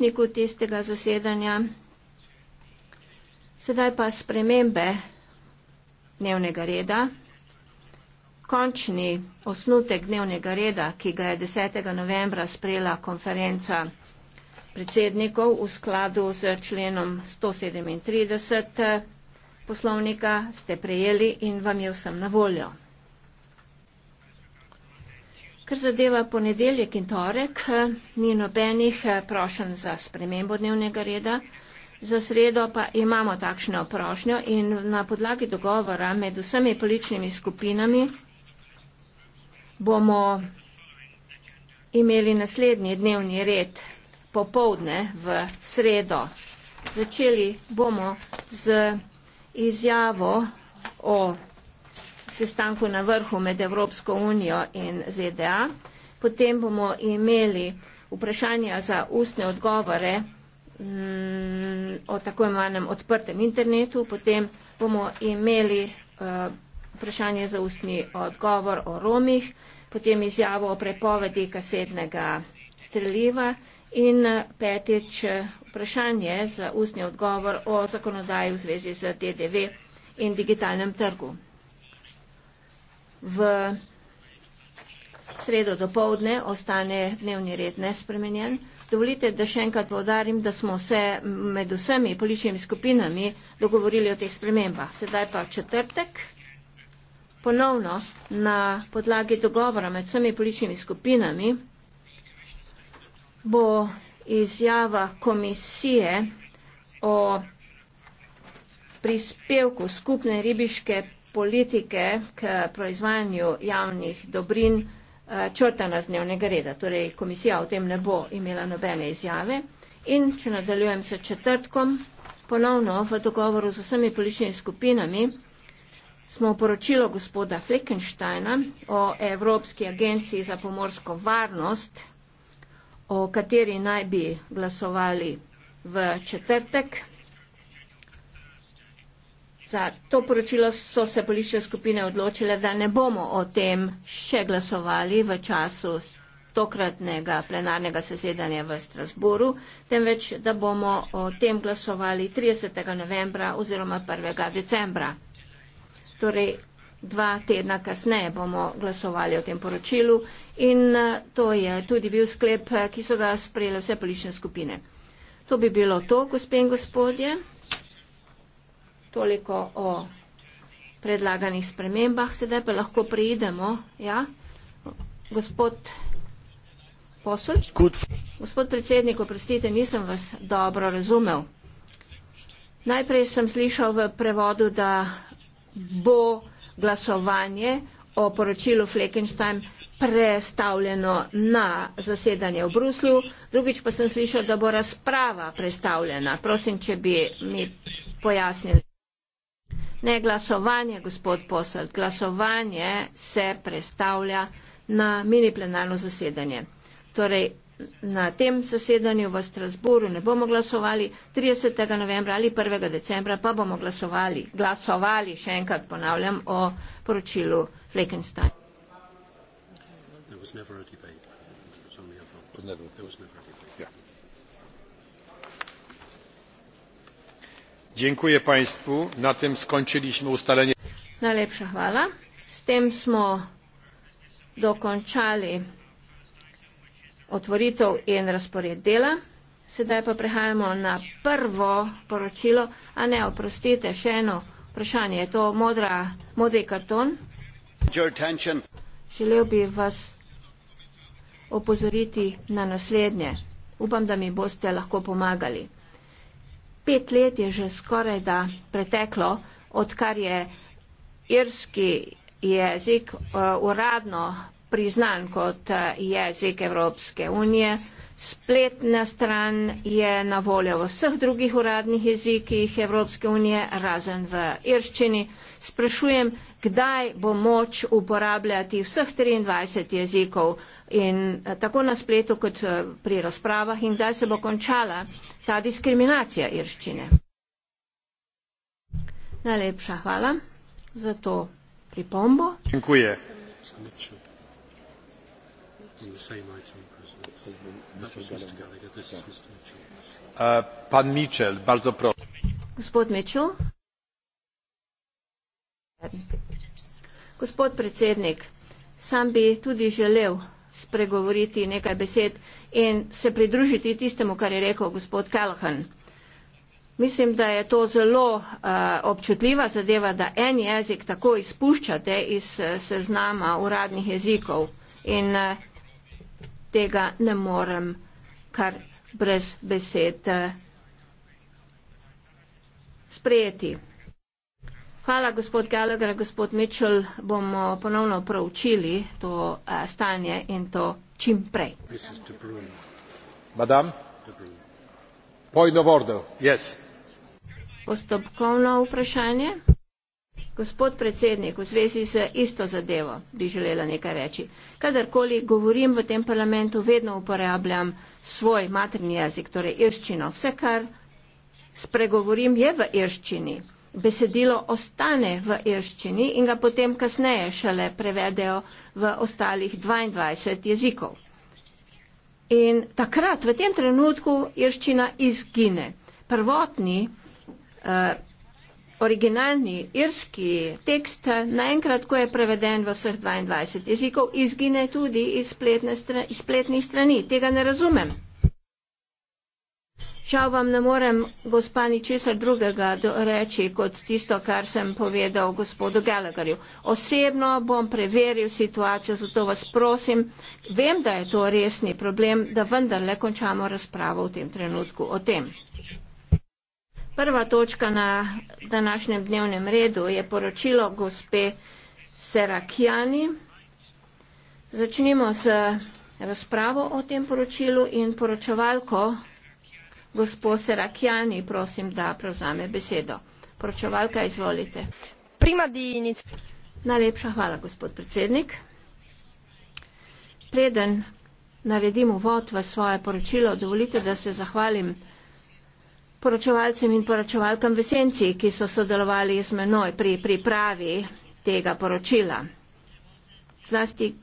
zapisniku tistega zasedanja. Sedaj pa spremembe dnevnega reda. Končni osnutek dnevnega reda, ki ga je 10. novembra sprejela konferenca predsednikov v skladu z členom 137 poslovnika, ste prejeli in vam je vsem na voljo. Kar zadeva ponedeljek in torek, ni nobenih eh, prošen za spremembo dnevnega reda. Za sredo pa imamo takšno prošnjo in na podlagi dogovora med vsemi političnimi skupinami bomo imeli naslednji dnevni red popovdne v sredo. Začeli bomo z izjavo o sestanku na vrhu med Evropsko unijo in ZDA. Potem bomo imeli vprašanja za ustne odgovore mm, o tako imenem odprtem internetu, potem bomo imeli eh, vprašanje za ustni odgovor o Romih, potem izjavo o prepovedi kasednega streljiva in petič vprašanje za ustni odgovor o zakonodaji v zvezi z DDV in digitalnem trgu v sredo do povdne ostane dnevni red nespremenjen. Dovolite, da še enkrat povdarim, da smo se med vsemi političnimi skupinami dogovorili o teh spremembah. Sedaj pa četrtek. Ponovno na podlagi dogovora med vsemi političnimi skupinami bo izjava komisije o prispevku skupne ribiške politike k proizvajanju javnih dobrin eh, črtana z dnevnega reda. Torej, komisija o tem ne bo imela nobene izjave. In če nadaljujem s četrtkom, ponovno v dogovoru z vsemi političnimi skupinami smo v poročilo gospoda Fleckensteina o Evropski agenciji za pomorsko varnost, o kateri naj bi glasovali v četrtek, Za to poročilo so se politične skupine odločile, da ne bomo o tem še glasovali v času tokratnega plenarnega sesedanja v Strasburu, temveč da bomo o tem glasovali 30. novembra oziroma 1. decembra. Torej, dva tedna kasneje bomo glasovali o tem poročilu in to je tudi bil sklep, ki so ga sprejele vse politične skupine. To bi bilo to, gospe in gospodje toliko o predlaganih spremembah, sedaj pa lahko prejdemo. Ja? Gospod Posolč? Gospod predsednik, oprostite, nisem vas dobro razumel. Najprej sem slišal v prevodu, da bo glasovanje o poročilu Fleckenstein prestavljeno na zasedanje v Bruslju, drugič pa sem slišal, da bo razprava prestavljena. Prosim, če bi mi pojasnili. Ne glasovanje, gospod posel, glasovanje se predstavlja na mini plenarno zasedanje. Torej, na tem zasedanju v Strasburu ne bomo glasovali 30. novembra ali 1. decembra, pa bomo glasovali, glasovali, še enkrat ponavljam, o poročilu Fleckenstein. There was never a debate. It was only a vote. It was never a debate. Yeah. Dziękuję Państwu. Na tym skończyliśmy ustalenie. Najlepsza chwała. Z tym smo dokończali otworitev in razpored dela. Sedaj pa prehajamo na prvo poročilo, a ne oprostite, še eno vprašanje. Je to modra, modri karton? Želel bi vas opozoriti na naslednje. Upam, da mi boste lahko pomagali pet let je že skoraj da preteklo, odkar je irski jezik uh, uradno priznan kot uh, jezik Evropske unije. Spletna stran je na voljo v vseh drugih uradnih jezikih Evropske unije, razen v irščini. Sprašujem, kdaj bo moč uporabljati vseh 23 jezikov in eh, tako na spletu kot eh, pri razpravah in kdaj se bo končala ta diskriminacija irščine. Najlepša hvala za to pripombo. Dziękuję. Dziękuję. Uh, Pan Mitchell, bardzo proszę. Gospod Mitchell. Gospod predsednik, sam bi tudi želel spregovoriti nekaj besed in se pridružiti tistemu, kar je rekel gospod Callahan. Mislim, da je to zelo uh, občutljiva zadeva, da en jezik tako izpuščate iz uh, seznama uradnih jezikov. In, uh, tega ne morem kar brez besed eh, sprejeti. Hvala, gospod Gallagher, gospod Mitchell. Bomo ponovno proučili to eh, stanje in to čim prej. Postopkovno vprašanje. Gospod predsednik, v zvezi z isto zadevo bi želela nekaj reči. Kadarkoli govorim v tem parlamentu, vedno uporabljam svoj materni jezik, torej irščino. Vse, kar spregovorim, je v irščini. Besedilo ostane v irščini in ga potem kasneje šele prevedejo v ostalih 22 jezikov. In takrat, v tem trenutku, irščina izgine. Prvotni. Uh, originalni irski tekst naenkrat, ko je preveden v vseh 22 jezikov, izgine tudi iz, spletne, iz spletnih strani. Tega ne razumem. Žal vam ne morem, gospa, ničesar drugega reči, kot tisto, kar sem povedal gospodu Gallagherju. Osebno bom preveril situacijo, zato vas prosim, vem, da je to resni problem, da vendarle končamo razpravo v tem trenutku o tem. Prva točka na današnjem dnevnem redu je poročilo gospe Serakijani. Začnimo s razpravo o tem poročilu in poročevalko gospo Serakijani, prosim, da prevzame besedo. Poročevalka, izvolite. Primadinic. Najlepša hvala, gospod predsednik. Preden naredim uvod v svoje poročilo, dovolite, da se zahvalim poročevalcem in poročevalkam v senci, ki so sodelovali z menoj pri pripravi tega poročila. Zlasti